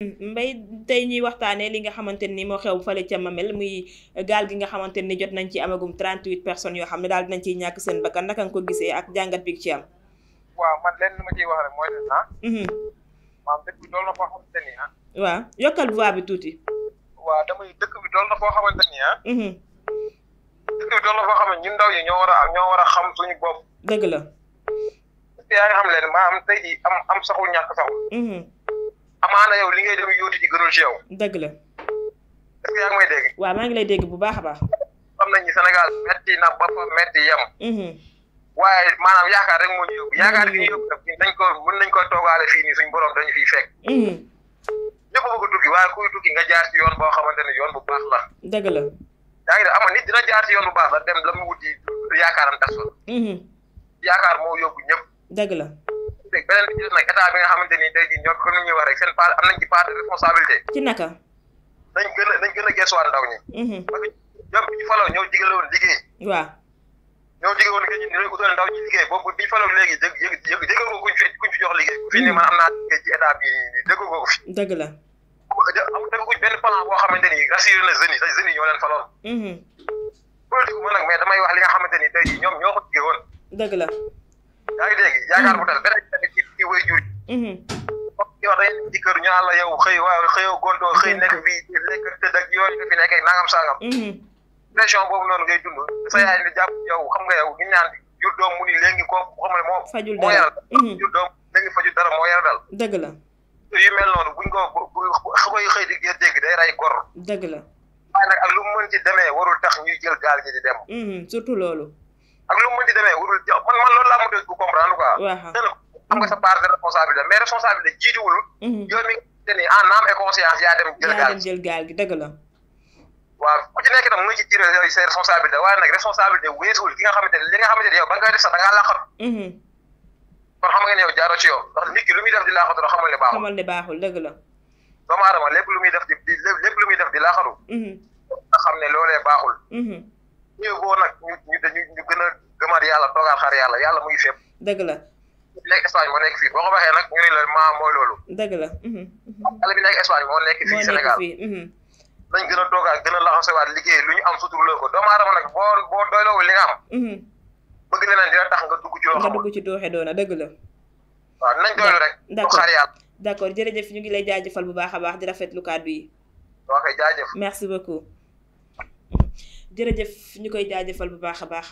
mbay tey ñuy waxtaanee li nga xamante ni moo xew fale ca Mamel muy gaal gi nga xamante ni jot nañ ci amagum 38 personnes yoo xam ne daal nañ ciy ñàkk seen bakkan naka nga ko gisee ak jàngat bi ci am. waaw ma ciy wax rek ah. mhm. ah. yokkal voix bi tuuti. waaw damay dëkk bi dool na foo xamante ni ah. Mhm. ndaw yi ñoo war a ñoo war a xam suñu bopp. dëgg la. yaa ngi xam am am saxul ñàkk saxul. Mhm. amaana yow li ngay dem yóoti ci gënul ci yow. dëgg la. est-ce que yaa ngi may dégg. waaw maa ngi lay dégg bu baax a baax. xam nañu Sénégal metti na ba fa metti yem. Mhm. waaye maanaam yaakaar rek moo ñu yóbbu yaakaar gi ñu mhm. yóbbu nag ko mën nañ ko toogaale fii nii suñ borom dañu fiy fekk. Mhm. ñëpp bëgg tukki waaye kuy tukki nga jaar ci yoon boo xamante ne yoon bu baax la. dëgg la. yaa ngi def ama nit dina jaar ci yoon bu baax la dem la mu wuti yaakaaram tas fa. yaakaar moo yóbbu ñëpp. dëgg la. dëgg beneen bi ci des nag état bi nga xamante ni part am de responsabilité. ci naka. dañ gën a dañ a gestuwaat ndaw ñi. Mhm. parce que ñoom bi ñu faloo ñoo jigale woon liggéey. waaw. ñoo jigale woon liggéey ñu utal ndaw ñi liggéey boobu bi ñu faloo léegi dégg dégg dégg nga kuñ fi kuñ fi jox liggéey. Mhm. fii nii man la. amul dégg kuñ benn ni rassuré na ñoo leen faloon. Mhm. politique comme mm-hmm. yow dañuy nekk ci kër ñu la yow xëy waaw xëyoo gontoo xëy nekk fii nekk tëdd ak yooyu fi nekk ak nangam sangam. Mm-hmm. pression boobu noonu ngay dund sa yaay ni jàpp yow xam nga doom mu ni léegi ko xam ne moo. fajul dara moo yaral mm-hmm. jur doom léegi fajul dara moo yaral dal. dëgg la. yu mel noonu buñ ko xëy xëy di dégg day ray gor. dëgg la. waaye nag ak lu mu mën ci demee warul tax ñuy jël gaal gi di dem. surtout loolu. ak lu mën ci demee warul man man loolu laa mën a comprendre quoi. am nga sa part de responsabilité mais responsabilité jiituwul. Mhm. yow mi nga ni en âme et conscience yaa dem. jël gaal jël gaal gi waaw ku ci nag nga xamante ne li nga xamante ne nga mhm. xam nga ne yow jaaroo ci yow ndax lu muy def di laaxatu la xamal ne baaxul. xamal ne baaxul lu muy def di di lépp lu muy def di laaxatu. Mhm. nga xam ne loolee baaxul. ñëw boo nag ñu ñu ñu gën a gëmaat yàlla toogaat xaar yàlla yàlla mu ngi nekk Espagne moo nekk fii boo ko waxee nag ñu ne la maa mooy loolu. dëgg la. Mhm. Mhm. xale bi nekk Espagne moo nekk fii Sénégal. Mhm. dañ gën a toogaat gën a laxasewaat liggéey lu ñu am suturloo ko doomu aadama nag boo boo doyloowul li nga am. bëgg leneen dina tax nga dugg ci loo xam ci dooxe doona dëgg la. waaw nañ doylu rek. d' accord d' jërëjëf ñu ngi lay jëfal bu baax a baax di rafetlu kàddu yi. ok jaajëf. merci beaucoup. jërëjëf ñu koy jaajëfal bu baax a baax